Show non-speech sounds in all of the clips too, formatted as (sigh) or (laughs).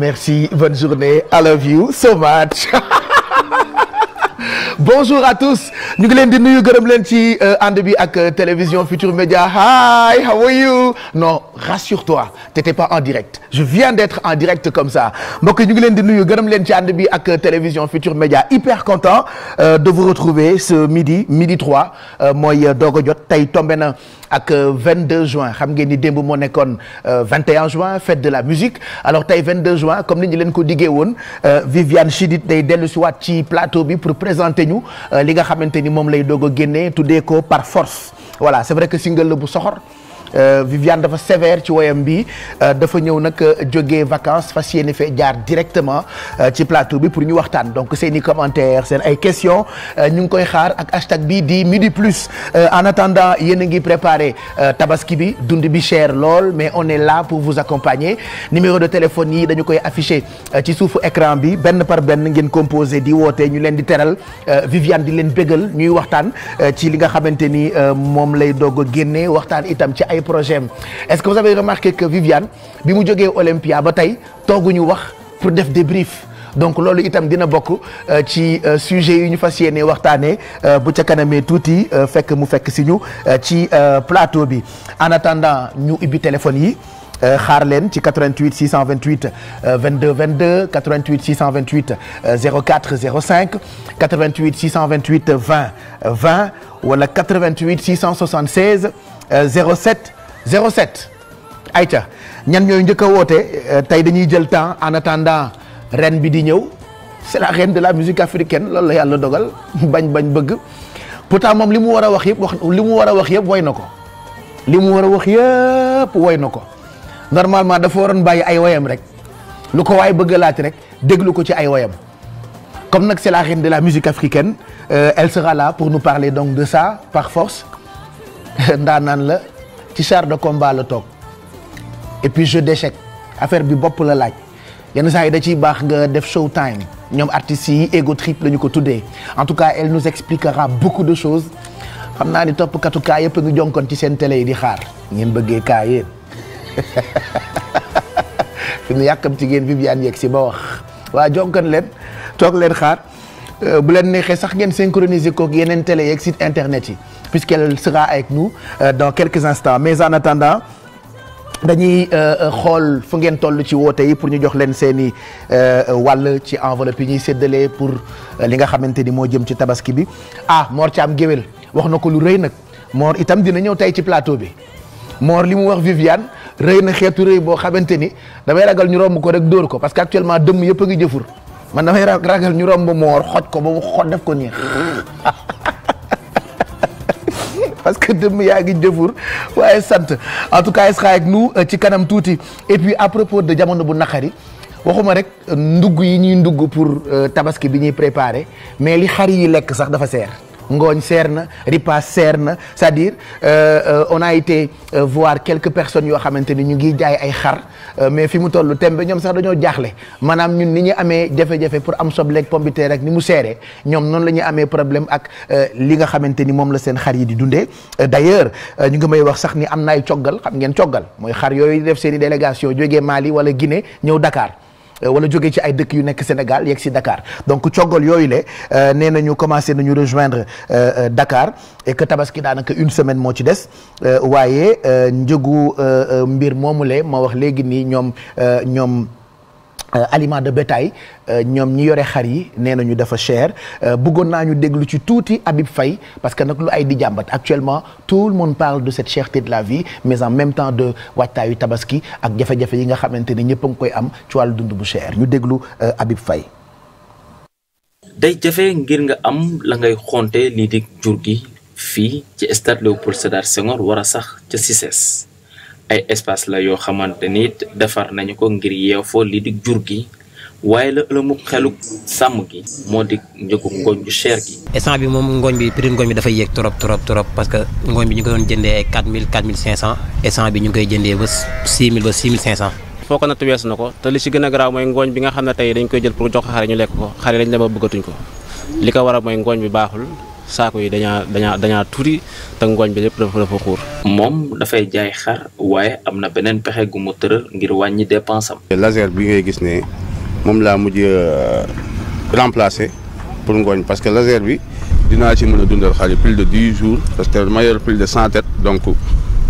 Merci, bonne journée. I love you so much. (laughs) bonjour à tous ñu ngi leen di nuyu gërëm leen ci euh, ànd bi ak euh, télévision Futur Média hi how are you non rassure-toi t'étais pas en direct en direct comme ça mbokk ñu ngi leen di nuyu gërëm leen ci ànd bi ak euh, télévision Futur Média hyper content de vous retrouver ce midi midi 3 mooy doog jot tey tombé na ak 22 juin xam ngeen ni démb moo nekkoon 21 juin fête de la musique alors tey 22 juin comme ñu leen ko diggee woon Viviane Chidid day dellu si ci plateau bi pour présenter nañu euh, li nga xamante ni moom lay doog a génnee tuddee ko par force voilà c'est vrai que single la bu soxor Euh, Viviane dafa sévère ci woyam bi euh, dafa ñëw nag euh, jóge vacance fas yéene fee jaar directement ci plateau bi pour ñu waxtaan donc seen i commentaires seen ay questions ñu ngi koy xaar ak hashtag bi di midi plus en attendant yéen a ngi préparer tabaski bi dund bi chair lool mais on est là pour vous accompagner numéro de téléphone yi dañu koy affiché ci suufu écran bi benn par benn ngeen composé di woote ñu leen di teral Viviane di leen bégal ñuy waxtaan ci li nga xamante ni moom lay doog a waxtaan itam ci ay projet est-ce que vous avez remarqué que Viviane bi mu jógee Olympia ba tey tooguñu wax pour def débrief donc loolu itam dina bokk euh, ci euh, sujet yi ñu fas yéene waxtaanee euh, bu ca tuuti fekk mu fekk si ñu ci plateau bi en attendant ñu ubbi téléphone yi xaar leen ci 88 628 22 22 88 628 04 05 88 628 20 20 wala 88 676. 07 ay ca ñan ñooy njëkk a woote euh, tey dañuy jël temps en attendant ren bi di ñëw c'est la reine de la musique africaine loolu la yàlla dogal bañ bañ bëgg pourtant moom li mu war a wax yëpp wax li mu war a wax yëpp woy na ko li mu war a wax yëpp woy na ko normalement dafa waroon bàyyi ay woyam rek lu ko waaye bëgg a laaj rek déglu ko ci ay woyam comme nag c'est la reine de la musique africaine euh, elle sera pour nous parler donc de ça par force (laughs) ndaanaan la ci char de combat la toog et puis jeu check affaire bi bopp la laaj yenn saa yi da ciy baax nga def show time ñoom artistes yi ego trip la ko tuddee en tout cas elle nous expliquera beaucoup de choses xam naa ni toppkatu kaa yëpp ngi jonkon ci seen télé yi di xaar ngeen bëggee kaa yéen (laughs) fi mu yàkkam ci ngeen Viviane yeeg si ba wax waa jonkoon leen toog leen xaar euh, bu leen neexee sax ngeen synchroniser kook yeneen télé yeeg site internet yi puisqu'elle sera avec nous euh, dans quelques instants mais en attendant dañuy euh, euh, xool fu ngeen toll ci woote yi pour ñu jox leen seeni i wàll ci enveloppe yi ñuy séddale pour li nga xamante ni moo jëm ci tabaski bi ah Mor Thiam Géwél wax na ko lu rëy nag moor itam dina ñëw tey ci plateau bi moor li mu wax Viviane rëy na xeetu rëy boo xamante ni damay ragal ñu romb ko rek dóor ko parce que actuellement dëmm yëpp a ngi jëfur man damay ragal ñu romb Mor xoj ko ba mu xoj def ko nii (laughs) parce que dëmm yaa ngi jëfur waaye sant en tout cas est ak euh, ci kanam tuuti et puis à propos de jamono bu naqari waxuma rek euh, ndugg yi ñuy ndugg pour euh, tabaski bi ñuy préparer mais li xar yi lekk sax dafa seer. ngooñ seer na ripaas seer na c'est-à-dire euh, euh, on a été euh, voir quelques personnes yoo xamante ni ñu ngi jaay ay xar mais fi mu toll bi ñoom sax dañoo jaaxle maanaam ñun ni ñu amee jafe-jafe pour am sobleeg pombiteer rek ni mu seeree ñoom noonu la ñuy amee problème ak li nga xamante ni moom la seen xar yi di dundee d'ailleurs ñu ngi may wax sax ni am na ay coggal xam ngeen coggal mooy xar yooyu def seen i délégation jógee Mali wala Guinée ñëw dakaar Euh, wala jógee ci ay dëkk yu nekk Sénégal yegg si dakaar donc coggal yooyu le euh, nee nañu commencé nañu rejoindre euh, Dakar et que tabaski daanaka une semaine moo ci des waaye njëgu mbir moomu le ma wax léegi nii ñoom ñoom. Euh, aliment de bétail euh, ñoom ñi yore xar yi nee nañu dafa cher euh, bëggoon naa ñu déglu ci tuuti Habib Faye parce que nag lu ay di jàmbat actuellement tout le monde parle de cette cherté de la vie mais en même temps de waajtaayu tabaski ak jafe-jafe yi nga xamante ne ñëpp a ngi koy am ci wàllu dund bu cher ñu déglu Habib Faye. day jafe ngir nga am la ngay xonte lii di jur gi fii ci stade Léopold Sédar Senghor war a sax ca CICES. ay espace la yoo xamante ni defar nañu ko ngir yeew foo lii di jur gi waaye la ëlëmu xeluk sàmm gi moo di njëgu ngooñ bu cher gi. essence bi moom ngooñ bi prix ngooñ bi dafay yéeg trop trop trop parce que ngooñ bi ñu ko doon jëndee ay 4000 4500 essence bi ñu ngi koy jëndee ba 6000 ba 6500. foo ko natt weesu na ko te li ci gën a garaaw mooy ngooñ bi nga xam ne tey dañ koy jël pour jox ko xare ñu lekk ko xare lañ dema bëggatuñ ko li ko waral mooy ngooñ bi baaxul. saako yi dañaa dañaa dañaa tuuti te ngooñ bi lépp dafa dafa moom dafay jaay xar waaye am na beneen pexe gu mu tëral ngir wàññi dépensam. laser bi ngay gis ne moom laa mujj euh, remplacer pour ngooñ parce que laser bi dinaa ci mën a dundal xar yi plus de dix jours parce que ma plus de cent têtes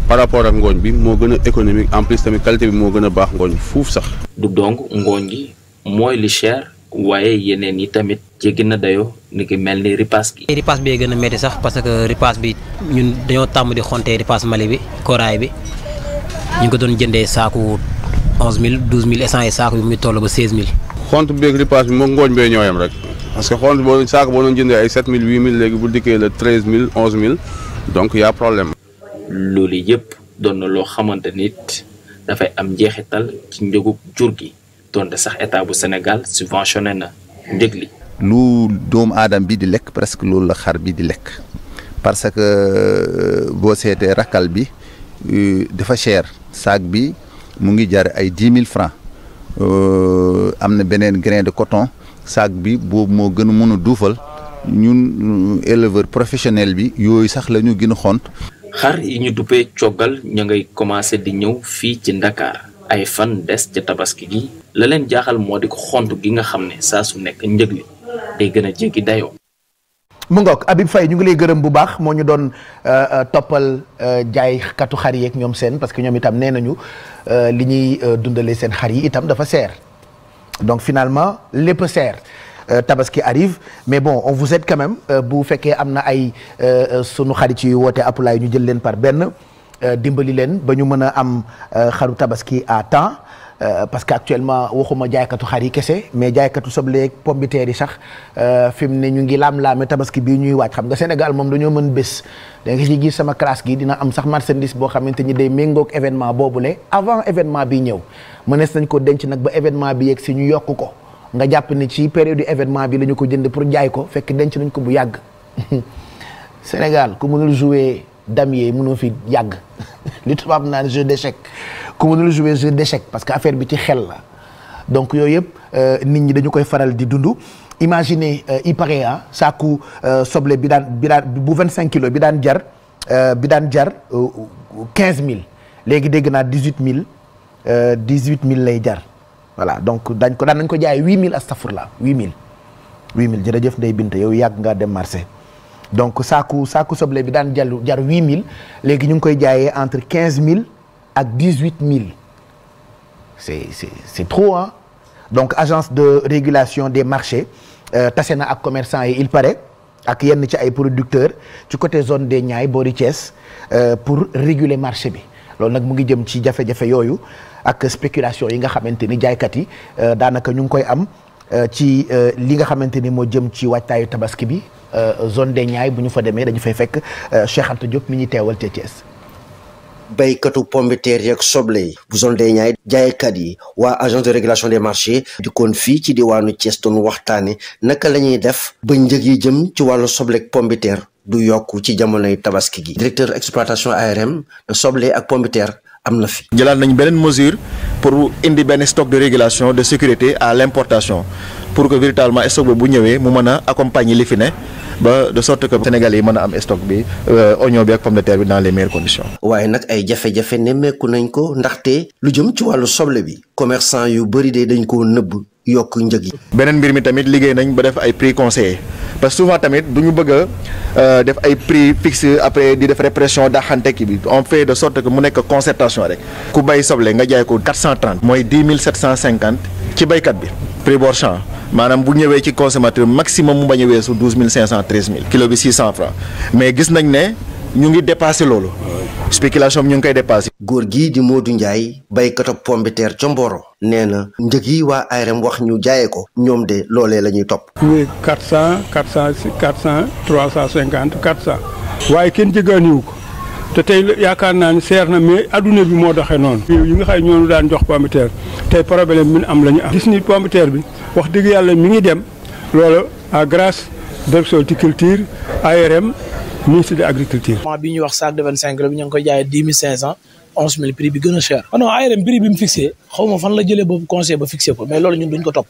par rapport ak ngooñ bi moo gën a économique en plus tamit qualité bi moo gën a baax ngooñ fuuf sax. du donc ngooñ gi mooy li cher waaye yeneen yi tamit jéggi na dayoo ni ki mel ni ripaas gi. ripaas bee gën a métti sax parce que ripaas bi ñun dañoo tàmm di xonte ripaas Mali bi bi ñu ngi ko doon jëndee saaku onze mille douze mille et cent yi saaku bi muy toll ba seize mille. xont beeg ripaas bi moom ngooñ bee ñooyam rek parce que xont boo saaku boo doon jëndee ay sept mille huit mille léegi bu dikkee la treize mille onze mille donc y' problème. loolu yëpp doon na loo xamante nit dafay am njeexital ci njëgu jur gi. donte sax état bu Sénégal subventionné na njëg li lu doomu aadama bi di lekk presque loolu la xar bi di lekk parce que euh, boo seetee rakkal bi euh, dafa cher saag bi mu ngi jar ay dix mille francs euh, am na beneen grain de coton saag bi boobu moo gën a mën a duufal ñun éleveur professionnel bi yooyu sax lañu ñu gën a xont xar yi ñu duppee coggal ñu ngay commencé di ñëw fii ci Ndakaar ay fan des ca tabaski gi la leen jaaxal moo di ko xont gi nga xam ne saa su nekk njëg li day gën a jéggi dayoo. mu ngook Habib Faye ñu ngi lay gërëm bu baax moo ñu doon euh, euh, toppal euh, jaay katu xar yeeg ñoom seen parce que ñoom itam nee nañu li ñuy dundalee seen xar yi itam dafa seer donc finalement lépp seer tabaski arrive mais bon on vous aide quand même bu fekkee am na ay sunu xarit yu woote appelaay ñu jël leen par benn. Euh, dimbali leen ba ñu mën a am euh, xaru tabaski à temps euh, parce que actuellement waxuma jaaykatu xar yi kese mais jaaykatu soble ak pombiteer yi sax fi mu ne ñu ngi laam-laame tabaski bii ñuy waaj xam nga Sénégal moom dañoo mën bés da nga si gis sama classe gi dina am sax marchandise boo xamante ni day méngoog événement boobu boobule avant événement bi ñëw mënees nañ ko denc nag ba événement bi yegg si ñu yokk ko nga jàpp ne ci période événement bi la ñu ko jënd pour jaay ko fekk denc nañ ko bu yàgg (laughs) damier mënoo fi yàgg (laughs) li tubaab naan jeu d'échec ku mënul jouer jeu d'échec parce que affaire bi ci xel la donc yooyu yëpp euh, nit ñi dañu koy faral di imagine dund imaginez euh, Iparea saaku euh, soble bi daan bi daan bu 25 kilos bi daan jar bi daan jar 15000 léegi dégg naa 18000 mille lay jar voilà donc dañ ko daan nañ ko jaay 8000 astafurla 8000 8000 jërëjëf Ndeye Binta yow yàgg ngaa dem marché. donc saaku saaku soble bi daan jallu jar huit mille léegi ñu ngi koy jaayee entre quinze mille ak dix huit mille c'est c'est c'est trop hein donc agence de régulation des marché euh, tase na ak commerçant yi il pare ak yenn ci ay producteurs ci côté zone des Niayes boori Thiès euh, pour réguler marché bi loolu nag mu ngi jëm ci jafe-jafe yooyu ak spéculation yi nga xamante ni jaaykat yi euh, daanaka ñu ngi koy am Euh, ci euh, li nga xamante ni moo jëm ci waajtaayu tabaski bi euh, zone de Niayes bu ñu fa demee dañu fay fekk Cheikh Anta Diop mi ñu teewal ca Thiès. béykatu pombiteer yeeg soble yi bu zone des Niayes yi waa agence de régulation des marchés dikkoon fii ci diwaanu Thiès doon waxtaane naka la ñuy def ba njëg yi jëm ci wàllu sobleeg pombiteer du yokk ci jamonoy tabaski gi directeur exploitation ARM soble ak pombiteer am na fi. jëlaat nañ beneen mesure pour indi benn stock de régulation de sécurité à l'importation pour que véritablement stock bi bu ñëwee mu mën a accompagner li fi ne ba de sorte que Sénégalais yi mën a am stock bi euh, oignon bi ak pomme de terre bi dans les meilleures conditions. waaye nag ay jafe-jafe nemmeeku nañ ko ndaxte lu jëm ci wàllu soble bi commerçant yu bëri de dañ koo nëbb yokk njëg yi. beneen mbir mi tamit liggéey nañ ba def ay prix conseillers. parce que souvent tamit du ñu bëgg a euh, def ay prix fixe après di def répression daxante ki bi on fait de sorte que mu nekk concertation rek ku bay soble nga jaay ko 430 mooy 10 750 ci baykat bi prix bord maanaam bu ñëwee ci consommateur maximum mu bañ a weesu 12 500 13 000 kilo bi 600 francs mais gis nañ ne ñu ngi dépassé loolu. spéculation bi ñu ngi koy dépassé. góor gii di Modou Ndiaye béykatu pomme de terre ca Mboro. nee na njëg yi waa ARM wax ñu jaayee ko. ñoom de loolee la ñuy topp. muy 400 400 400 350 400. waaye kenn jëgaaniwu ko. te tey yaakaar naa ne seer na mais adduna bi moo doxee noonu. yi nga xam ne ñoo daan jox pomme de terre tey problème bi am la ñu am. gis ni pomme terre bi wax dëgg yàlla mu ngi dem loolu à grâce direction horticulture ARM. ministre de agriculture bi ñu wax sac de vingt cinq la bi ñu ngi koy jaayee dix mille cinq cent onze mille prix bi gën a cher. Ah non ARM prix bi mu fixé fan la jëlee boobu conseil ba fixé ko mais loolu ñun duñ ko topp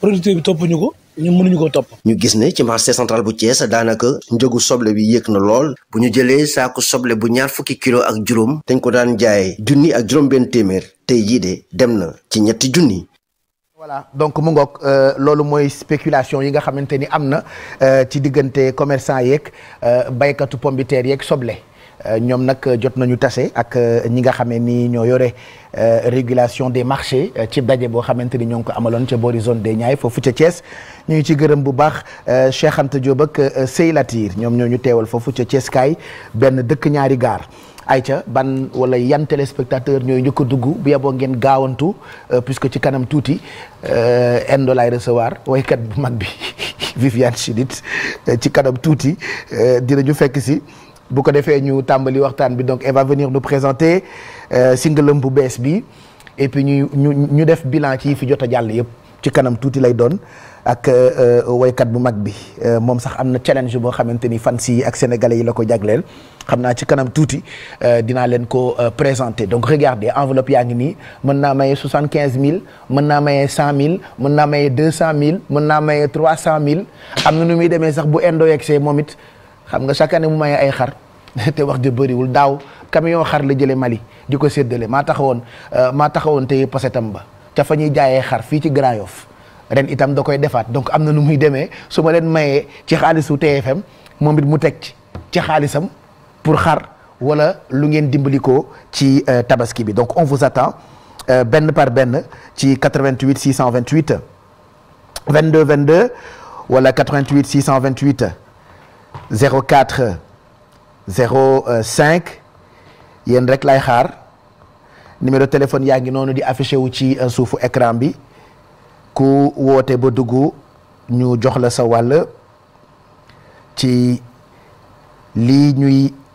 producteur bi toppuñu ko ñun mënuñu ko topp. ñu gis ne ci marché central bu a daanaka njëgu soble bi yéeg na lool bu ñu jëlee saako soble bu ñaar fukki kilo ak juróom dañ ko daan jaayee junni ak juróom benn téeméer tey jii de dem na ci ñetti junni voilà donc mu ngoog euh, loolu mooy spéculation yi nga xamante ni am na euh, ci diggante commerçant yeeg euh, baykatu pombiteer yeeg soble ñoom nag jot nañu tase ak ñi nga xamee ni ñoo yore régulation des marché ci daje boo xamante ni ñoo ngi ko amaloon ca boori zone des Niayes foofu ca Thiès ñu ngi ci gërëm bu baax Cheikh Anta Diop ak Seylatir ñoom ñoo ñu teewal foofu ca Thiès kaay benn dëkk ñaari gaar ay ca ban wala yan téléspectateur ñooy njëkk a dugg bu yeboo ngeen gaawantu euh, puisque ci kanam tuuti Endo euh, laay recevoir waykat bu mag bi (laughs) Viviane Chidid euh, ci kanam tuuti dinañu fekk si bu ko defee ñu tàmbali waxtaan bi donc elle va venir nous présenter single bu bees bi et puis ñu ñu ñu def bilan ci fi jot a jàll yëpp ci kanam tuuti lay doon ak waykat bu mag bi moom sax am na challenge boo xamante ni fans yi ak sénégalais yi la ko jagleel xam naa ci kanam tuuti euh, dinaa leen ko euh, présenter donc regardez enveloppe yaa ngi nii mën naa maye soixante quinze mille mën naa maye cent mille mën naa maye deux cent mille mën naa maye trois cent mille am na nu muy demee sax bu indo yegsee moom it xam nga chaque année mu maye ay xar (laughs) te wax ja bëriwul daaw camion xar la jëlee Mali di ko séddale maa taxawoon euh, maa taxawoon te tam ba ca fa ñuy jaayee xar fii ci Grand Yoff ren itam da koy defaat donc am na nu muy demee su ma leen mayee ci xaalisu TFM moom it mu teg ci ci xaalisam pour xaar wala lu ngeen dimbali ko ci euh, tabaski bi donc on vous attend euh, benn par benn ci 88 628 22 22 wala 88 628 cinq 05 yéen rek lay xaar numéro téléphone yaa ngi noonu di affiché wu ci euh, suufu écran bi ku woote ba dugg ñu jox la sa wàll ci lii ñuy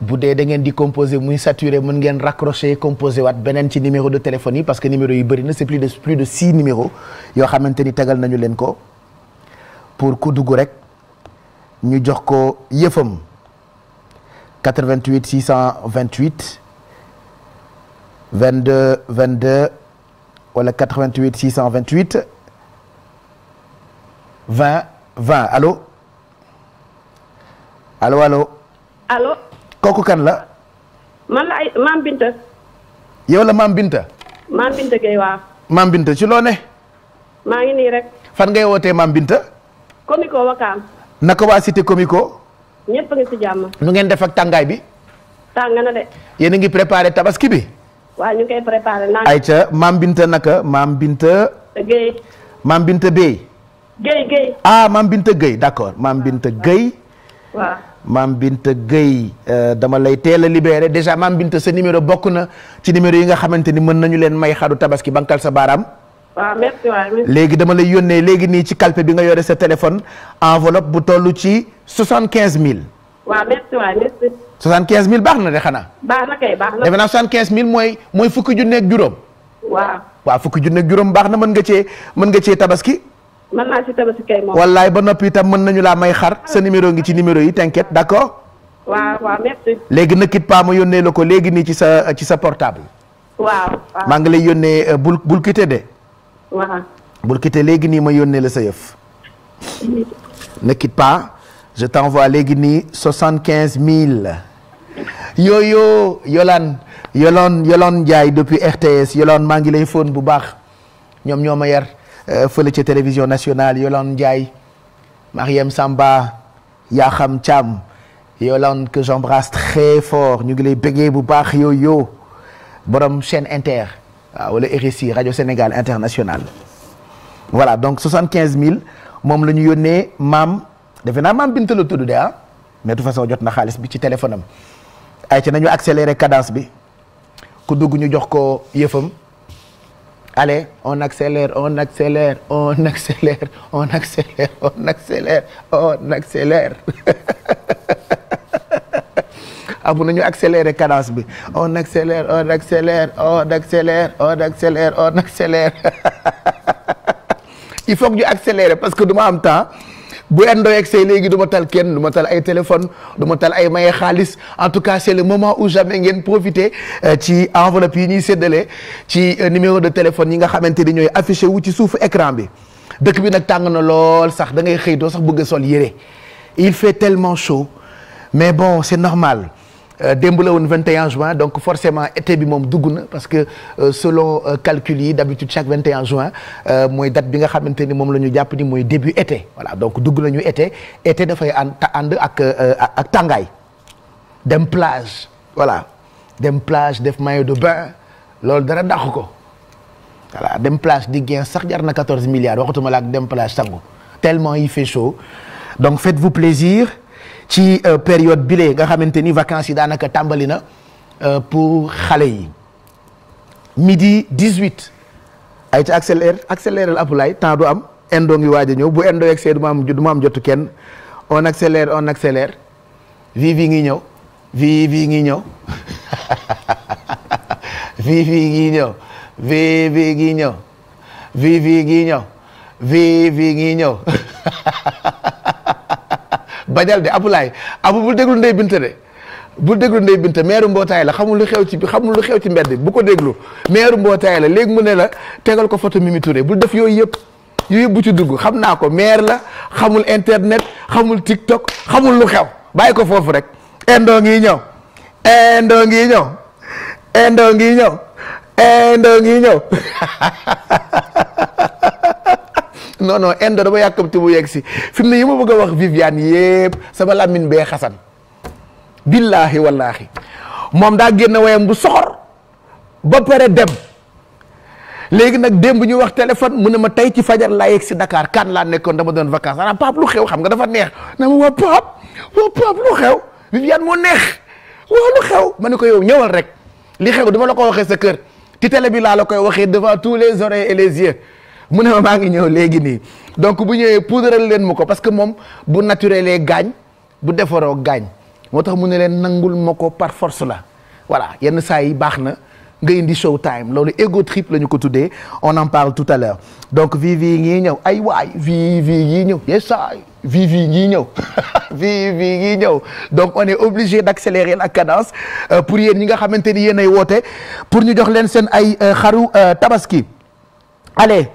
bu dee da ngeen di composé muy saturé mën ngeen raccroché composé waat beneen ci numéro de téléphone yi parce que numéro yi bëri na c'est plus de yoo xamante ni tegal nañu leen ko pour ku dugg rek ñu jox ko yëfam 88 628 22 22 wala 88 628 20 20 allo allo allo. allo. kooku kan la. man la ay maam Binta. yow la maam Binta. maam Binta Gueye waaw. maam Binta ci loo maa ngi nii rek. fan ngay wootee maam Binta. comico wakaam. naka waa cité comico. nu ngeen def ak tàngaay bi. tàng na de. yéen a ngi préparé tabaski bi. waaw ñu ngi koy préparé naan. maam Binta naka maam Binta. Gueye. maam Binta Bey. Gueye Gueye. ah maam Binta Gueye d'accord maam maam Binta Gueye euh, dama lay teel a libéré déjà maam Binta sa numéro bokk na ci numéro yi nga xamante ni mën nañu leen may xaru tabaski bankal sa baaraam. waaw merci léegi dama lay yónnee léegi nii ci calpe bi nga yore sa téléphone enveloppe bu tollu ci soixante quinze mille. waaw merci soixante quinze mille baax na de xanaa. baax na kay baax soixante quinze mille mooy mooy fukki junneeg juróom. waa fukki junneeg juróom baax na mën nga cee mën nga cee tabaski. wallaay ba noppi itam mën nañu laa may xar ah. sa numéro ngi ci numéro yi t'inquiète d'accord. waaw léegi ne quitte ma yónnee la ko léegi nii ci sa ci sa portable. maa ngi lay yónnee euh, bul bul de. waaw. bul léegi nii ma yónnee la sa yëf. Mm-hmm. ne quitte je t'envoie léegi nii soixante quinze mille. yooyo yolaan yoloon yolaan Ndiaye depuis RTS yoloon maa ngi lay fóon bu baax ñoom ñoo ma yar. Euh, fële ca télévision nationale Yolande Ndiaye Mariam Samba Yaxam Thiam Yolande que j'embrasse très fort ñu ngi lay bëggee bu baax yooyu yo borom chaîne inter waaw wala RSI rajo Sénégal international voilà donc 75000 moom la ñu yónnee maam defe naa maam Binta la de ah mais de façon jot na xaalis bi ci téléphone am ay ci nañu accélérer cadence bi ku dugg ñu jox ko yëfam. allez on accélère on accélère on accélère on accélère on accélère on accélère (laughs) ah bu nañu accélérer cadence bi on accélère on accélère on accélère on accélère on accélère (laughs) il faut que ñu accélérer parce que du ma am temps bu endo yegsee léegi duma tal kenn du ma tal ay téléphone du ma tal ay maye xaalis en tout cas c'est le moment ou jamais ngeen profiter euh, ci enveloppe yi ñuy séddale ci euh, numéro de téléphone yi nga xamante ni ñooy affiché wu ci suufu écran bi dëkk bi nag tàng na lool sax da ngay xëy doo sax bëgg sol yére il fait tellement chaud mais bon c'est normal Euh, démb la woon 21 juin donc forcément été bi moom dugg na parce que euh, selon euh, calcul yi d'habitude chaque 21 juin mooy date bi nga xamante ni moom la ñu jàpp ni mooy début été voilà donc dugg nañu été été dafay ànd ànd ak ak tàngaay dem plage voilà dem plage def maillot de bain loolu dara dàq ko voilà dem plage di gain sax jar na 14 milliards waxatuma la ak dem plage sangu tellement il fait donc faites-vous plaisir ci euh, période bile nga xamante ni vacances yi daanaka tàmbali na euh, pour xale yi midi 18 ay ca accélère accélère Abdoulaye temps du am indo ngi waaj a ñëw bu indo yegg see du am jot kenn on accélère on accélère vi vi ngi ñëw vi vi ngi ñëw (laughs) vi ngi ñëw ngi ñëw vi vi ngi ñëw vi vi ngi ñëw (laughs) bajal de Abdoulaye Abou lu déglu Ndeye Binta de bul déglu Ndeye Binta meeru mbootaay la xamul lu xew ci bi xamul lu xew ci mbedd bu ko déglu meeru mbootaay la léegi mu ne la tegal ko photo Mimi bu bul def yooyu yëpp yooyu yëpp bu ci dugg xam naa ko maire la xamul internet xamul TikTok xamul lu xew bàyyi ko foofu rek indoo ngi ñëw indoo ngi ñëw indoo ngi ñëw indoo ngi ñëw (laughs) non non Inde dama yàkkamti mu yegg si fi mu ne yi ma bëgg a wax Viviane yëpp sama làmmiñ bee xasan billaahi wallaahi moom daa génn wayam bu soxor ba pare dem léegi nag démb ñu wax téléphone mu ne ma tey ci fajar laa yegg si Dakar kan laa nekkoon dama doon vacances ana xew xam nga dafa neex na ma waa Pape waa Pape lu xew Viviane moo neex waa lu xew ma ne ko yow ñëwal rek li xew dama la ko waxee sa kër ti télé bi laa la koy waxee devant tout les oreilles et les yeux mu ne ma maa ngi ñëw léegi nii donc bu ñëwee poudral leen mu ko parce que moom bu naturel gaañ bu defaroo gaañ moo tax mu ne leen nangul ma ko par force la voilà yenn saa yi baax na nga indi show time loolu ego trip la ñu ko tuddee on en parle tout à l'heure donc vivi ngi ñëw ay waay vivi ngi ñëw yesaay vivi ngi ñëw (laughs) vivi ngi ñëw donc on est obligé d'accélérer la cadence euh, pour yéen ñi nga xamante ni yéen ay woote pour ñu jox leen seen ay euh, xaru euh, tabaski allez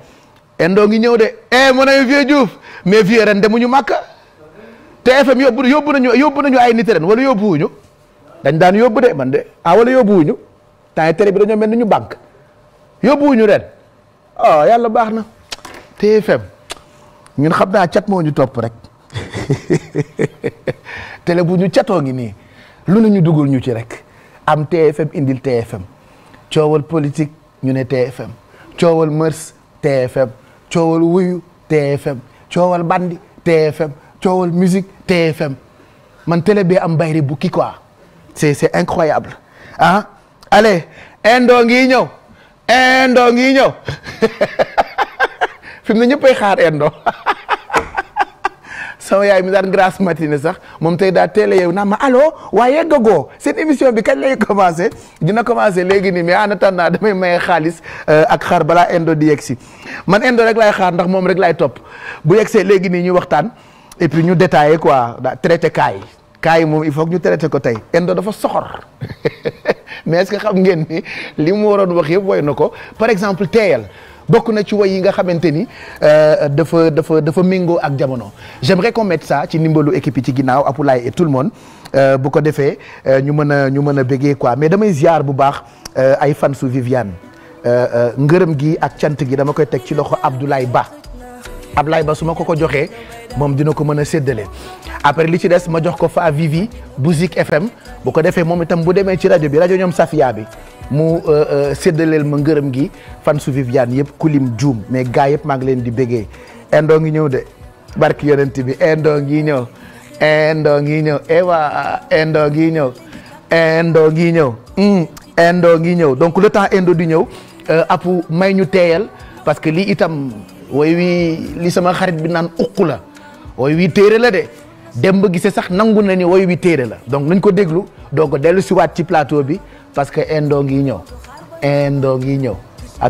indoo ngi ñëw de eh mu ne vieux Diouf mais vieux ren ñu Màkka TFM yóbbu yóbbu nañu yóbbu nañu ay nit ren wala yóbbuwuñu dañ daan yóbbu de man de ah wala yóbbuwuñu temps yi télé bi dañoo mel ni ñu banque yóbbuwuñu ren oh yàlla baax na TFM ñun xam naa cat moo ñu topp rek (laughs) tele bu ñu catoo ngi nii lu ne ñu dugal ñu ci rek am TFM indil TFM coowal politique ñu ne TFM coowal mœurs TFM. coowal wuyu TFM coowal bandi TFM coowal musique TFM man télé bee am bayri bu kii quoi c'est c'est incroyable ah allez indo ngi ñëw indo ngi ñëw (laughs) fi mu ne ñëppay xaar indo (laughs) soo yaay mi daan grâce matinée sax moom tey daa teel a yeewu naa ma allo waaye yeggagoo seen émission bi kañ lay commencé dina commencé léegi nii mais en attendant damay maye xaalis euh, ak xaar balaa Endo di yegsi man Endo rek laay xaar ndax moom rek laay topp bu yegsee léegi nii ñu waxtaan et puis ñu détaillé quoi daa traité cas yi cas yi moom il faut ñu traité ko tey Endo dafa soxor (laughs) mais est xam ngeen ni li mu waroon wax yëpp woy na ko par exemple teeyal. bokk na ci way yi nga xamante ni euh, dafa dafa dafa méngoo ak jamono j'aimerais qu'on sa ci ndimbalu équipe yi ci ginnaaw Apulaay et tout le monde euh, bu ko defee euh, ñu mën a ñu mën a bégee quoi mais damay ziar bu baax ay fan su Viviane ngërëm gi ak cant gi dama koy teg ci loxo Abdoulaye Ba Abdoulaye Ba su ma ko ko joxee moom dina ko mën a séddale après li ci des ma jox ko fa Vivi bu Zik FM bu ko defee moom itam bu demee ci rajo bi rajo ñoom Safia bi mu euh, euh, séddaleel ma ngërëm gi fan su Viviane yëpp kulim juum mais gars yëpp maa ngi leen di béggee indoo ngi ñëw de barki yonent bi indoo ngi ñëw indoo ngi ñëw ewa indoo ngi ñëw indoo ngi ñëw indoo ngi ñëw donc le temps indo di ñëw euh, apu may ñu teeyal parce que lii itam woy wi lii sama xarit bi naan uq la wooy wi téere la de dem ba gisee sax nangu na ni wooy wi téere la donc nañ ko déglu donc dellu siwaat ci plateau bi parce que Endo ngi ñëw Endo ngi ñëw à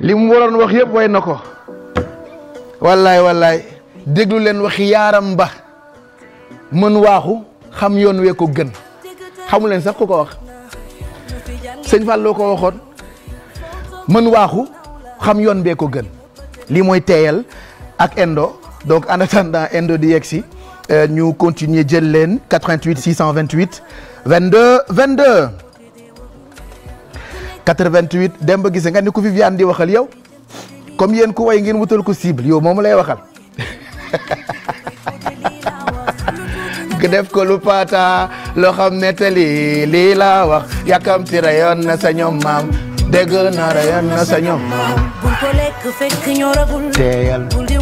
li mu waroon wax yëpp way na ko wallaay wallaay déglu leen waxi yaaram ba mën waaxu xam yoon wee ko gën xamu leen sax ku ko wax sëñ Fall ko waxoon mën waaxu xam yoon bee ko gën lii mooy teeyal ak Endo donc en attendant Endo di yegg si euh, ñu continuer jël leen 88 628 22 22 88 demb Guissé nga ni ku Viviane di waxal yow comme yéen ku way ngeen wutal ko cible yow moom lay waxal (laughs) def ko lu paata loo xam ne te lii lii laa wax yàkkamti rayoon na sa ñoom maam dégg na rayoon na sa maam.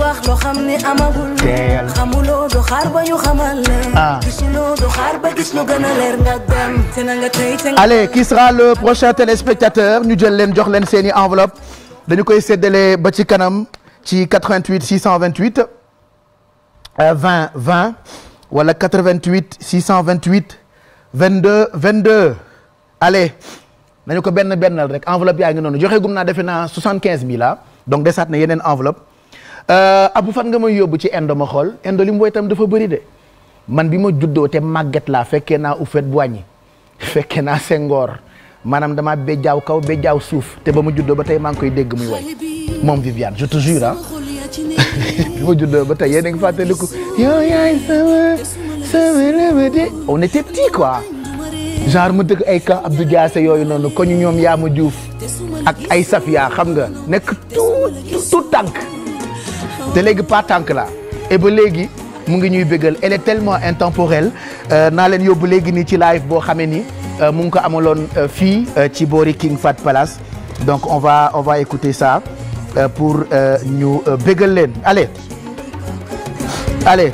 wax loo xam ne amagul. teyal xamuloo do xaar ba ñu xamal leen. ah gisuloo do xaar ba gis lu gën a leer nga dem. te na nga tey te nga. allez qui sera le prochain téléspectateur ñu jël leen jox leen seen i enveloppe dañu koy séddale ba ci kanam ci 88 628 20 20 wala 88 628 22 22 allez. nañu ko benn bennal rek enveloppe yaa ngi noonu joxe gum naa defe naa 75000 la ah. donc desaat na yeneen enveloppe Euh, abu fan nga may yóbbu ci indo ma xool indo mu woy tam dafa bëri de man bi ma juddoo te màgget laa fekkee naa Houphouët Boigny fekkee naa Senghor maanaam damaa bejaaw kaw béjjaaw suuf te ba ma juddoo ba tey maa ngi koy dégg muy woy moom Viviane je te jure ah (laughs) bi ma juddoo ba tey yéen ngi fàttaliku yow yaay sama sama lébété on était mu dëkk ay camp Abdou yooyu noonu koñu ñoom ma Diouf ak ay Safia xam nga nekk tout tout tànk te léegi pas tànk la et ba léegi mu ngi ñuy bégal elle est tellement intemporelle euh, naa leen yóbbu léegi nii ci live boo xamee ni euh, mu ngi ko amaloon euh, fii ci boori King Fat Palace donc on va on va écouter ça pour ñu bégal leen allez allez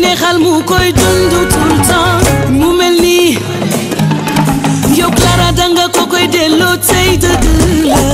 neexal mu koy dund tout le temps mu mel nii yow Clara danga ko koy delloo tey dëgg la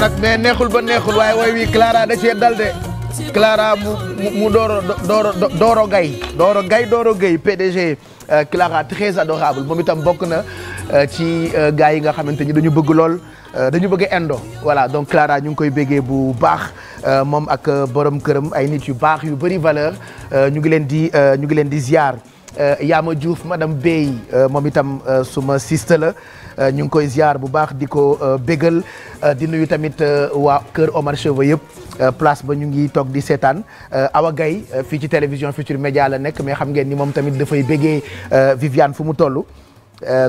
mais neexul ba neexul waaye way wi Clara da cee dal de Clara mu mu Doro dooro gay dooro gay Gaye Doro Gaye PDG euh, Clara très adorable moom itam bokk na euh, ci euh, gars yi nga xamante ni dañu bëgg lool dañu bëgg indo voilà donc Clara ñu ngi koy béggee bu baax moom ak borom këram ay nit yu baax yu bëri valeur ñu ngi leen di ñu ngi leen di ziar Yaama ma madame Bey moom itam suma siste la Euh, ñu ngi koy ziar bu baax di ko euh, bégal euh, di nuyu tamit waa Kër Omar Cheveux yëpp place ba ñu ngi toog di seetaan Awa gay fii ci télévision Futur Média la nekk mais xam ngeen ni moom tamit dafay bégee Viviane fu mu toll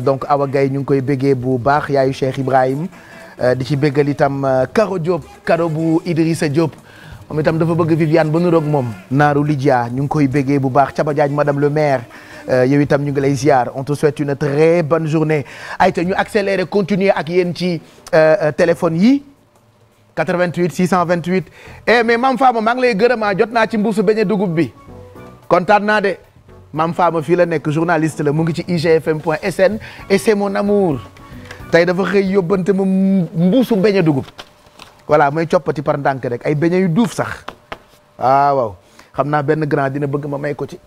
donc Awa Gaye ñu ngi koy bégee bu baax yaayu Cheikh Ibrahim di ci bégal itam Karo Diop Karo bu Idrissa Diop moom itam dafa bëgg Viviane ba nuroog moom naar Lydia ñu ngi koy béggee bu baax Caba Diagne madame le maire euh, yow itam ñu ngi lay ziar on te souhaite une très bonne journée ayta ñu accélérer continuer ak yéen ci euh, euh, téléphone yi 88 628 eh mais maam Fama maa ngi lay gërëmaa ah, jot naa ci mbuusu beñe dugub bi kontaan naa de maam Fama fii la nekk journaliste la mu ngi ci igfm point sn et c'est mon amour tey dafa xëy yóbbante ma mbuusu beñe dugub voilà mooy coppati par ndànk rek ay beñe yu duuf sax ah waaw xam naa benn grand dina bëgg ma may ko ci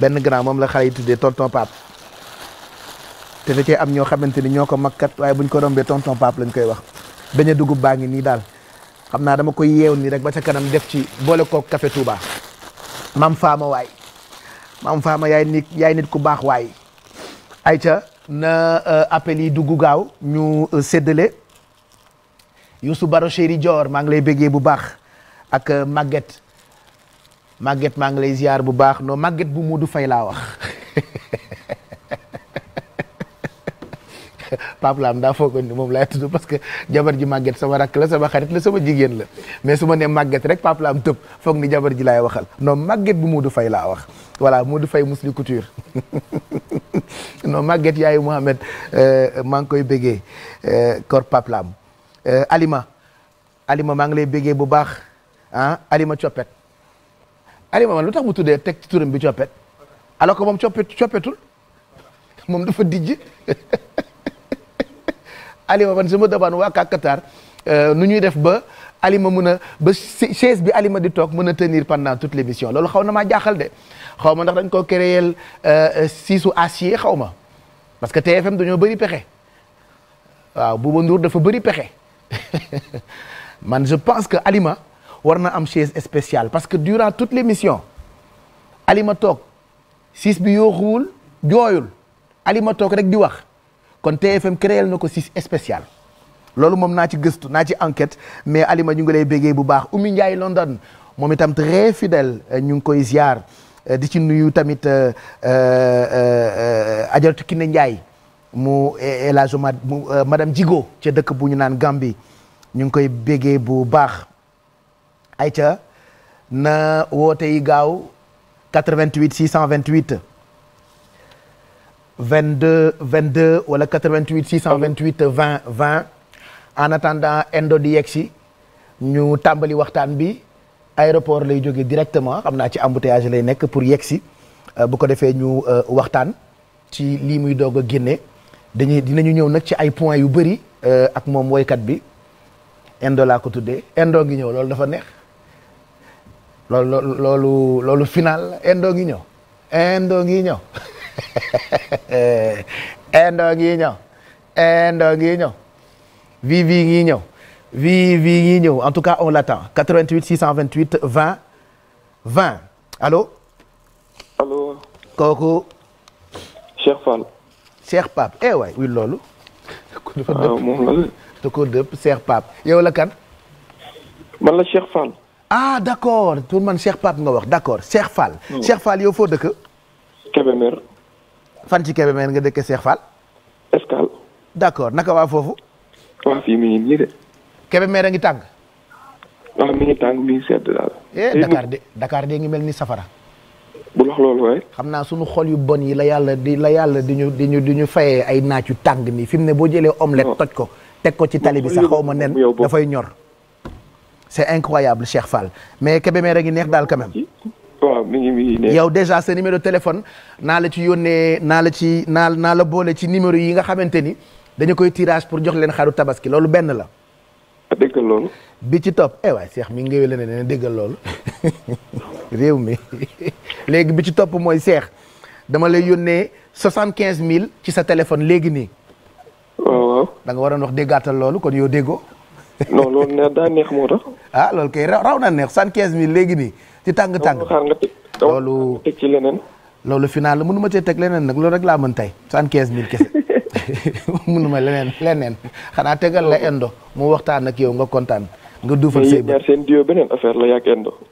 benn grand moom la xale yi tuddee tonton Pape te da cee am ñoo xamante ni ñoo ko makkat waaye buñ ko rombee tonton Pape lañ koy wax beñe dugub baa ngi nii daal xam naa dama koy yeew nii rek ba ca kanam def ci boole koo café Touba maam faama waay maam faama yaay nit yaay nit ku baax waay ayca na euh, appel yi dugg gaaw ñu euh, seddale su Baro Chéri Dior maa ngi lay béggee bu baax ak euh, Maguette Maguette maa ngi lay ziar bu baax noo Maguette bu mu du fay laa wax (laughs) Pape Lam daa foogoon ni moom laay tudd que jabar ji Maguette sama rakk la sama xarit la sama jigéen la mais su ma nee Maguette rek Pape Lam tëb foog ni jabar laay waxal non Maguette bu Modou Faye laa wax voilà Modou Faye Mousli Couture (laughs) non Maguette yaayu Mohamed euh, maa ngi koy béggee euh, kor Pape Euh, Alima Alima maa ngi lay béggee bu baax ah Alima coppet Alima lu tax bu tuddee teg ci turam bi coppet alors moom coppet coppetul moom dafa dijj (laughs) Alima ba su ma dabaan waa Kakatar euh, nu ñuy def ba Alima mun a ba chaise bi Alima di toog mën a tenir pendant toute l'émission loolu xaw na maa jaaxal de xaw ma ndax dañ koo créer euh, siisu acier xaw ma parce que TFM dañoo bari pexe waaw Bouba Ndour dafa bari pexe. (laughs) man je pense que Alima war na am chaise spéciale parce que durant toute l'émission Alima toog siis bi yooxuwul jooyul Alima toog rek di wax kon TFM créé na ko siis spéciale loolu moom naa ci gëstu naa ci enquête mais Alima ñu ngi lay béggee bu baax Oumy Ndiaye London moom itam très fidèle euh, ñu ngi koy ziar euh, di ci nuyu tamit euh, Ajaratu Kiné Ndiaye mu eh, El Hadj eh, madame jigo ca dëkk bu ñu naan Gambie ñu ngi koy bégee bu baax ayca na woote yi gaaw 88 628 22 22 wala 88 628 20 20 en attendant Endo di yegg si ñu tàmbali waxtaan bi aéroport lay jóge directement xam naa ci embouteillage lay nekk pour yegg si eh, bu ko defee ñu waxtaan ci lii muy doog a génne. dañuy dinañu ñëw nag ci ay points yu bëri euh, ak moom woykat bi indo laa ko tuddee indo ngi ñëw loolu dafa neex loolu loolu loolu final indo ngi ñëw indo ngi ñëw indo (laughs) ngi ñëw indo ngi ñëw vi vi ngi ñëw vi vi ngi ñëw en tout cas on l'attend 88 628 20 20 allo allo kooku Cheikh Fall Cheikh Pape eh waay wuy loolu. waaw ah, moom dëpp Cheikh Pape yow la kan. man la Cheikh Fall. ah d' accord man Cheikh Pape nga wax d' accord Cheikh Fall. Hmm. Cheikh Fall yow foo dëkk. Kébémer. fan ci Kébémer nga dëkkee Cheikh Fall. Escale. d' naka waa foofu. waa fii mi ngi nii de. Kébémer a ngi tàng. waaw mi ngi tàng mi sedd daal. eh de Dakar de ngi mel ni safara. bul wax loolu waaye. xam naa suñu xol yu bon yi la yàlla di la yàlla di ñu di ñu di ñu fayee ay naaj yu tàng nii fi mu ne boo jëlee omelette toj ko teg ko ci tali bi sax xaw ma nen dafay ñor. c'est incroyable Cheikh Fall mais Kébémer a ngi neex daal quand même. waaw yow déjà sa numéro téléphone naa la ci yónnee naa la ci naa naa la boole ci numéro yi nga xamante ni dañu koy tirage pour jox leen xaru tabaski loolu benn la. déggal bi ci topp eh waay Cheikh mi ngi wéy la ne déggal loolu (laughs) réew (laughs) léegi bi ci topp mooy seex dama lay yónnee soixante quinze mille ci sa téléphone léegi nii. waaw da nga waroon wax déggaatal loolu kon yow déggoo. non loolu neex daa neex (laughs) ah, raw na neex soixante quinze mille léegi nii. ci tàng tàng xaar teg ci leneen. loolu final la mënu cee teg leneen nag loolu rek laa mën tey soixante quinze mille kese (laughs) mënu leneen leneen xanaa tegal la Endo mu waxtaan ak yow nga kontaan. nga duufal say affaire la yaa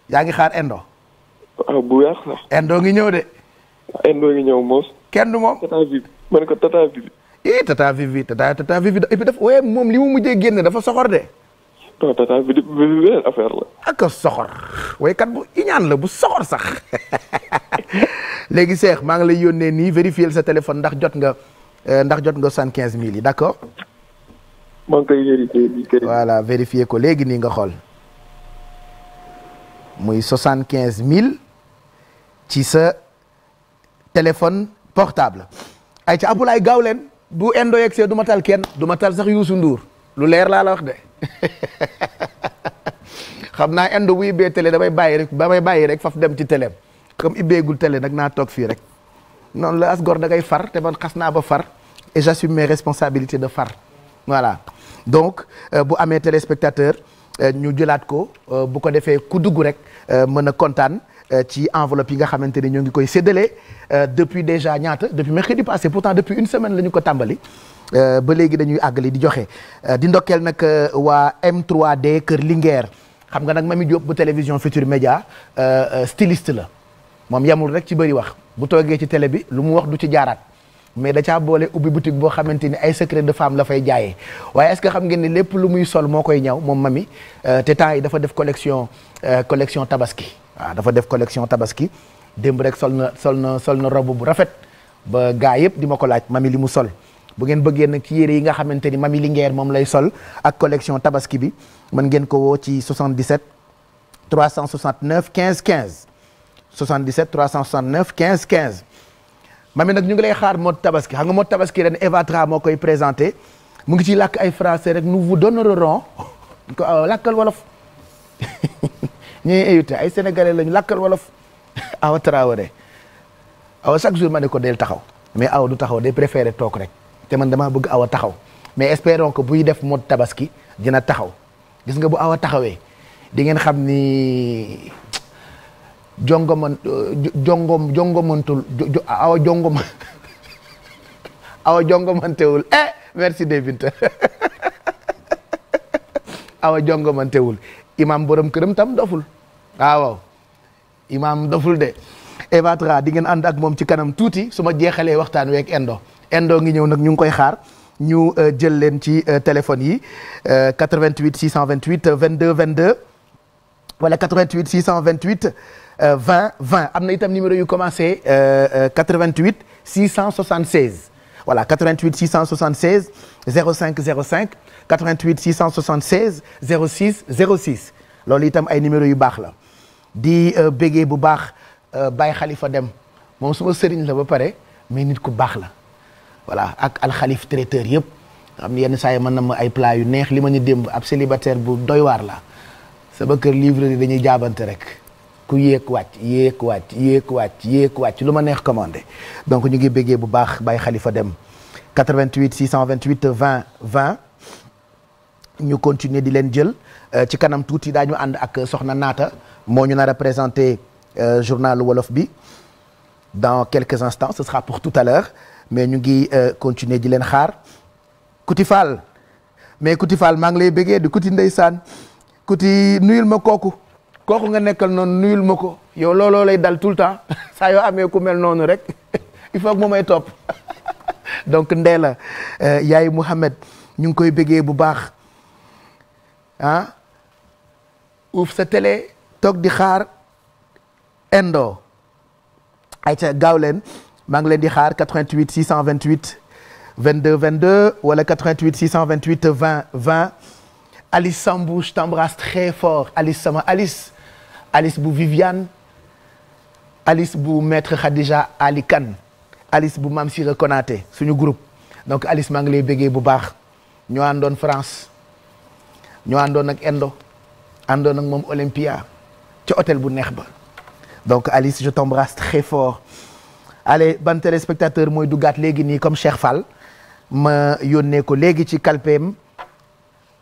yaa ngi xaar Endo. Ah, bu weex sax. ngi ñëw de. indoo ngi ñëw moos. kenn du moom tata vivi vivi. ii vivi tata vivi et waaye moom li mu mujjee génne dafa soxor de. non vivi beneen affaire la. ak soxor bu iñaan la bu soxor sax (laughs) léegi Cheikh maa ngi lay yónnee nii vérifier sa téléphone ndax jot nga euh, ndax jot nga soixante quinze mille yi d' accord. maa ngi ko léegi nii nga xool muy soixante quinze mille. ci sa téléphone portable ay ca Abdoulaye gaaw leen bu indo yegsee du ma tal kenn du tal sax Youssou Ndour lu leer laa la wax de (laughs) xam naa indo bu ibbee télé damay bàyyi rek damay bàyyi rek faf dem ci télém comme ibbeegul télé nag naa toog fii rek noonu la as gor far te man xas naa ba far et j'assume mes responsabilités de far voilà donc euh, bu amee téléspectateur euh, ñu jëlaat ko euh, bu ko defee ku dugg rek mën a kontaan Euh, ci enveloppe yi nga xamante ni ñoo ngi koy séddale euh, depuis déjà ñaata depuis mercredi passé pourtant depuis une semaine la ñu ko tàmbali euh, ba léegi dañuy àggali di joxe di ndokkeel nag waa M3D Kër Linguère xam nga nag Mamy Diop bu télévision Futur Média styliste la moom yamul rek ci bëri wax bu toogee ci télé bi lu mu wax du ci jaaraat mais da caa boole ubbi boutique boo xamante ni ay secret de femme la fay jaayee waaye est-ce que xam ngeen ni lépp sol moo koy ñaw moom Mamy te temps yi dafa def collection collection tabaski. waaw dafa def collection tabaski démb rek sol na sol na sol na robe bu rafet ba gaa yëpp di ma ko laaj mami li mu sol bu ngeen bëggee nag ci yére yi nga xamante ni mami Linguère moom lay sol ak collection tabaski bi mën ngeen ko woo ci 77 369 15 15 77 369 quinze 15 mami nag ñu ngi lay xaar mode tabaski xam nga moo tabaski ren Eva Tra moo koy présenté mu ngi ci làkk ay français rek nous vous donnerons (laughs) ko euh, làkkal wolof (laughs) ñuy invité ay sénégalais lañu lakkal wolof (laughs) Awa Traoré Awa chaque jour ma ne ko del taxaw mais Awa du taxaw de préféré toog rek te man damaa bëgg Awa taxaw mais espérons que buy def mode tabaski dina taxaw gis nga bu Awa taxawee di ngeen xam ni jongomon jongom jongomantul Awa jongom (laughs) Awa jongomantewul eh merci Débinta (laughs) Awa jongomantewul imaam borom këram tam doful ah, waaw imaam doful de Eva Tra di ngeen ànd ak moom ci kanam tuuti su ma jeexalee waxtaan week Endo Endo ngi ñëw nag ñu ngi koy xaar ñu euh, jël leen ci euh, téléphone yi euh, vingt 88 628 22 22 wala 88 628 20 20 am na itam numéro yu commencé 88 676. voilà 88 676 05 05 88 676 06 06 loolu itam ay numéro yu baax la di euh, béggee bu baax euh, Baye xalifa Dem moom suma sëriñ la ba pare mais nit ku baax la voilà ak alxalif traiteur yëpp xam yenn saa yi mën na ma ay plat yu neex li ma ñu démb ab célibataire bu doy waar la sama kër livre yi dañuy jaabante rek ku yéeg wàcc yéeg wàcc yéeg wàcc yéeg lu ma neex commandé donc ñu ngi béggee bu baax Baye xalifa Dem 88 628 20 20 ñu continuer di leen jël euh, ci kanam tuuti daañu ànd ak soxna Naata moo ñu na a présenté euh, journal wolof bi dans quelques instants ce sera pour tout à l'heure mais ñu ngi euh, continuer di leen xaar Kuti Fall mais Kuti Fall maa ngi lay béggee di Kuti ndeysaan Kuti nuyul ma kooku kooku nga nekkal noonu nuyul ma ko yow looloo lay dal tout le temps saa yoo amee ku mel noonu rek il faut que mu may topp donc Ndella euh, yaay Mouhamed ñu ngi koy bëggee bu baax ah uuf sa télé toog di xaar indo ay ca gaaw leen maa ngi leen di xaar 88 628 22 22 wala 88 628 20 20 Alice Sambou je t'embrasse très fort Alice sama Alice Alice bu Viviane Alice bu maître Khadija Ali Kane Alice bu Mam Sire Konaté suñu groupe donc Alice maa ngi lay béggee bu baax ñoo àndoon France ñu àndoon ak Endo àndoon ak moom Olympia ci hôtel bu neex ba donc Alice je t'embrasse très fort allez ban téléspectateur mooy gaat léegi nii comme Cheikh Fall ma yónnee ko léegi ci kalpeem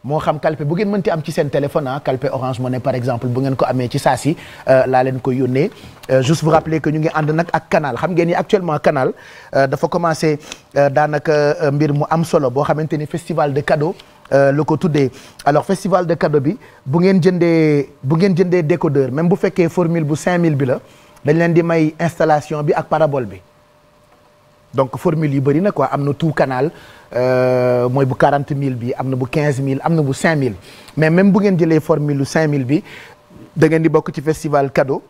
moo xam kalpe bu ngeen mën ti am ci seen téléphone ah kalpe orange money par exemple bu ngeen ko amee ci saa euh, laa leen ko yónnee euh, juste vous rappeler que ñu ngi ànd nag ak canal xam ngeen ni actuellement canal euh, dafa commencé daanaka mbir mu am solo boo xamante ni festival de cadeau la ko tuddee alors festival de cadeau bi bu ngeen jëndee bu ngeen jëndee décodeur même bu fekkee formule bu 5000 bi la dañ leen di may installation bi ak parabole bi donc formule yi bëri na quoi am na tout canal euh, mooy bu quarante mille bi am na bu 15 000 am na bu 5 000 mais même bu ngeen jëlee formule bu 5 bi da ngeen di bokk ci festival cadeau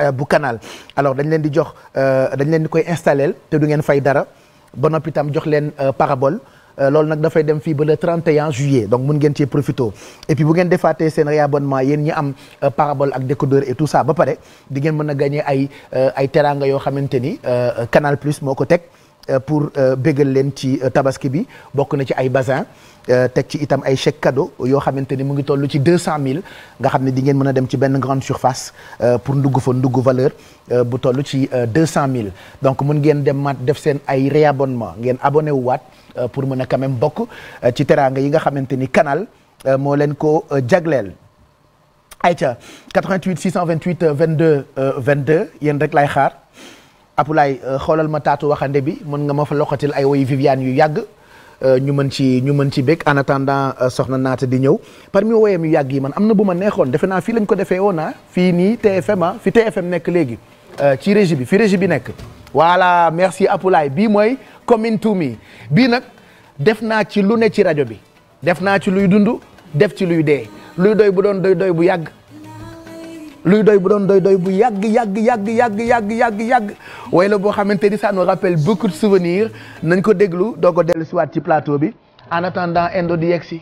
euh, bu canal alors dañ leen di jox euh, dañ leen di koy installeel te du ngeen fay dara ba noppitam jox leen parabol Euh, loolu nag dafay dem fi ba trente 31 juillet donc mun ngeen cee profité et puis bu ngeen defaatee seen réabonnement yéen ñi am euh, parabole ak décodeur et tout ça ba pare di ngeen mën a gagné ay euh, ay teraanga yoo xamante ni Canal Plus moo ko teg pour bégal leen ci tabaski bi bokk na ci ay bazin teg ci itam ay chèque cadeau yoo xamante ni mu ngi toll ci deux cent mille nga xam ne di ngeen mën a dem ci benn grande surface pour ndugg fa ndugg valeur bu toll ci deux cent mille donc mun ngeen dem mat def seen ay réabonnement ngeen abonné wu Euh, pour mën a quand bokk euh, ci teraanga yi nga xamante ni canal euh, moo leen ko jagleel. Aïcha 88 628 22 22 yéen rek lay xaar Apulaay xoolal ma taatu waxande bi mën nga ma fa loxatil ay woy Viviane yu yàgg. ñu mën ci ñu mën ci bég en attendant soxna naata di ñëw parmi woyam yu yàgg yi man am na bu ma neexoon defe naa fii lañ ko defee woon fi ah, fii nii TFM ah fi TFM nekk léegi ci régi bi fi régie bi nekk voilà merci Apulaay bii mooy commune to me bii nag def naa ci lu ne ci rajo bi def naa ci luy dund def ci luy dee luy doy bu doon doy doy bu yàgg luy doy bu doon doy doy bu yàgg yàgg yàgg yàgg yàgg yàgg yàgg way boo xamante ni ça nous rappelle beaucoup de nañ ko déglu doo ko dellu siwaat ci plateau bi en attendant indo di yegg si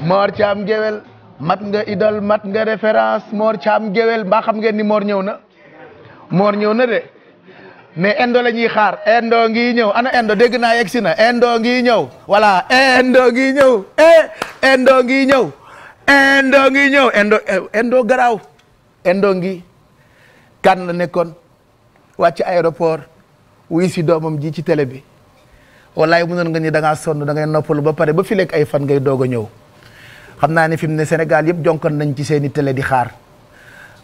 Mor Thiam Géwel mat nga idole mat nga référence Mor Thiam Géwel mbaa xam ngeen ni Mor ñëw na Mor ñëw na de mais indo la ñuy xaar indo ngi ñëw ana indo dégg naa yegg na indo ngi ñëw voilà indo ngi ñëw eh indo ngi ñëw indo ngi ñëw indo eh, garaaw indo ngi kan la nekkoon wàcc aéroport wuy si doomam ji ci tele bi wallaay mu noon nga ni da ngaa sonn da noppalu ba pare ba fi lekk ay fan ngay doog a ñëw xam naa ne fi mu ne Sénégal yëpp jonkoon nañ ci seeni i télé di xaar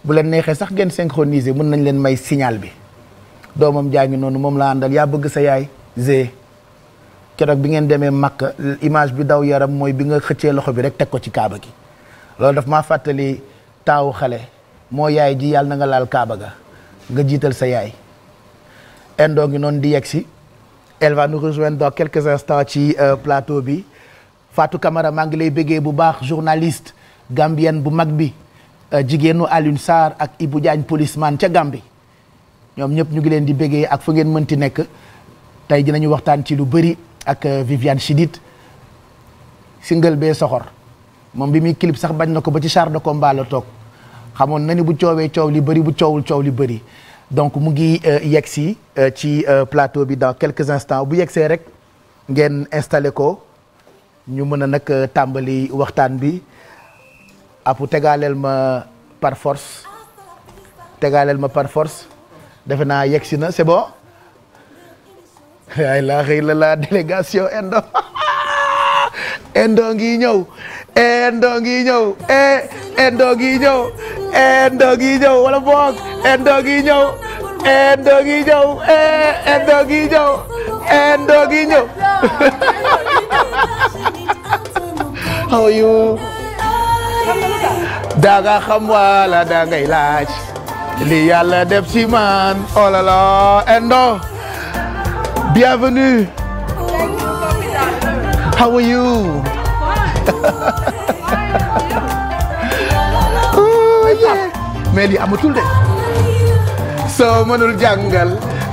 bu leen neexee sax ngeen synchroniser mun nañ leen may signal bi doomam jaa ngi noonu moom la àndal yaa bëgg sa yaay zee keroog bi ngeen demee Makka image bi daw yaram mooy bi nga xëccee loxo bi rek teg ko ci kaaba gi loolu daf maa fàttali taawu xale moo yaay ji yàlla na nga laal kaaba ga nga jiital sa yaay indoo ngi noonu di yegg si elle va nous rejoindre ci euh, plateau bi faatu Camara maa ngi lay bëggee bu baax journaliste gambienne bu mag bi euh, jigéenu Alioune Sarr ak bu jaañ policeman ca Gambie ñoom ñëpp ñu ngi leen di béggee ak fu ngeen mënti nekk tey dinañu waxtaan ci lu bëri ak euh, Viviane Chidid single bee soxor moom bi muy clip sax bañ na ko ba ci char de combat toog xamoon na ni bu coowee coow li bëri bu coowul coow li bëri donc mu ngi euh, yegsi ci plateau bi dans quelques instants bu yegsee rek ngeen installé ko. ñu mën a nag euh, tàmbali waxtaan bi apu tegaaleel ma par force ma parforce defe naa yegg si na c'est bon ay laa xëy la la délégation indo indo (laughs) ngi ñëw indo ngi ñëw indo eh, ngi ñëw indo ngi ñëw wala boog indo (laughs) how are you da nga xam wala da ngay laaj li yàlla ci man oh là Endo bienvenue how are you (laughs) oh yeah mais de soo mënul jàngal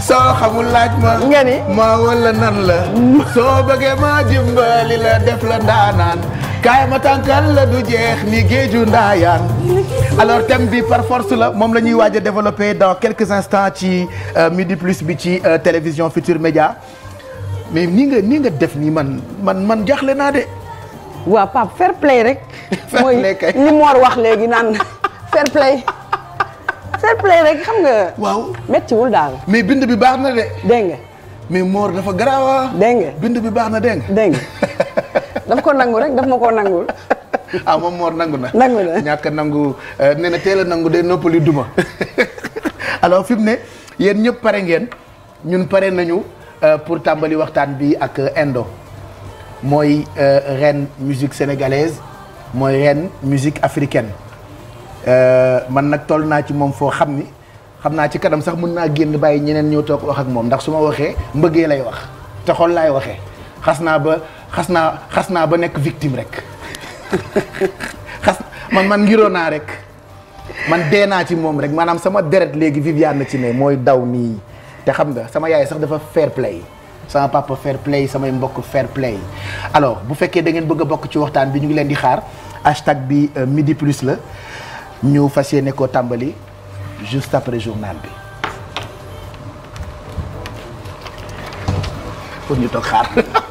soo xamul laaj ma. nga ni ma wala nan la. (laughs) soo bëggee ma dimbali la def la ndaanaan. kaay ma tànkal la du jeex ni géeju ndaayaan. alors thème bi par force la moom la ñuy waaj a développer dans quelques instants ci euh, midi plus bi ci euh, télévision Futur Média mais ni nga ni nga def nii man man man jaaxle naa de. waaw Pape fair play rek. (laughs) fair li Mor wax léegi naan fair play. selplay rek xam nga. waaw méttiwul daal. mais bind bi baax na de. dégg nga. mais moor dafa garaawa. Ah. dégg nga bind bi baax na dégg nga. daf ko nangu rek daf ma ko nangul. (laughs) ah moom Mor nangu na. nangu na ñàkk nangu euh, nee na teel a nangu de noppali duma. (laughs) alors fi mu ne yéen ñëpp pare ngeen ñun pare nañu euh, pour tàmbali waxtaan bi ak euh, Indo mooy reine musique sénégalaise mooy reine musique africaine. Euh, man nag toll naa ci moom foo xam ni xam naa ci kanam sax mun naa génn bàyyi ñeneen ñëw toog wax ak moom ndax su ma waxee mbëggee lay wax te xol laay waxee xas naa ba xas naa xas naa ba nekk victime rek (laughs) xas man man ngiroo naa rek man dee naa ci moom rek maanaam sama deret léegi Viviane na ci ne mooy daw nii te xam nga sama yaay sax dafa fair play sama papa fair play samay mbokk fair play alors bu fekkee da ngeen bëgg a bokk ci waxtaan bi ñu ngi leen di xaar hashtag bi euh, midi la ñu fas yéene koo tàmbali juste après journal bi pour ñu toog xaar. (laughs)